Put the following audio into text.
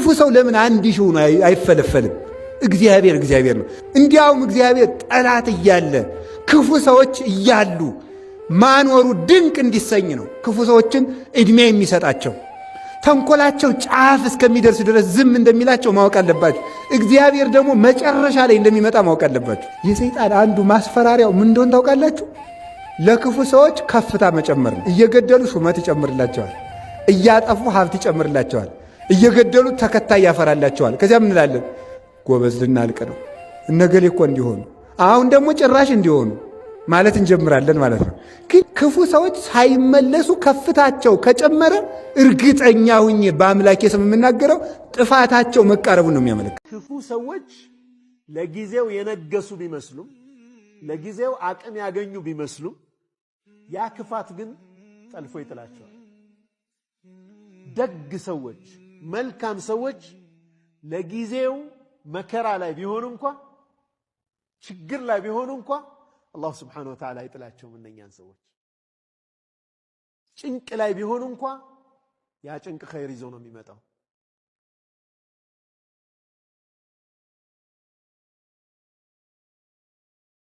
ክፉ ሰው ለምን አንድ ሺህ ሆኖ አይፈለፈልም? እግዚአብሔር እግዚአብሔር ነው። እንዲያውም እግዚአብሔር ጠላት እያለ ክፉ ሰዎች እያሉ ማኖሩ ድንቅ እንዲሰኝ ነው። ክፉ ሰዎችን ዕድሜ የሚሰጣቸው ተንኮላቸው ጫፍ እስከሚደርስ ድረስ ዝም እንደሚላቸው ማወቅ አለባቸው። እግዚአብሔር ደግሞ መጨረሻ ላይ እንደሚመጣ ማወቅ አለባቸው። የሰይጣን አንዱ ማስፈራሪያው ምን እንደሆን ታውቃላችሁ? ለክፉ ሰዎች ከፍታ መጨመር ነው። እየገደሉ ሹመት ይጨምርላቸዋል፣ እያጠፉ ሀብት ይጨምርላቸዋል። እየገደሉ ተከታይ ያፈራላቸዋል። ከዚያ ምንላለን? ጎበዝ ልናልቅ ነው፣ እነገሌ እኮ እንዲሆኑ፣ አሁን ደግሞ ጭራሽ እንዲሆኑ ማለት እንጀምራለን ማለት ነው። ግን ክፉ ሰዎች ሳይመለሱ ከፍታቸው ከጨመረ እርግጠኛ ሁኜ በአምላኬ ስም የምናገረው ጥፋታቸው መቃረቡን ነው የሚያመለክት። ክፉ ሰዎች ለጊዜው የነገሱ ቢመስሉም፣ ለጊዜው አቅም ያገኙ ቢመስሉም ያ ክፋት ግን ጠልፎ ይጥላቸዋል። ደግ ሰዎች መልካም ሰዎች ለጊዜው መከራ ላይ ቢሆኑ እንኳ ችግር ላይ ቢሆኑ እንኳ አላሁ ስብሓነሁ ወተዓላ አይጥላቸውም። እነኛን ሰዎች ጭንቅ ላይ ቢሆኑ እንኳ ያ ጭንቅ ኸይር ይዞ ነው የሚመጣው።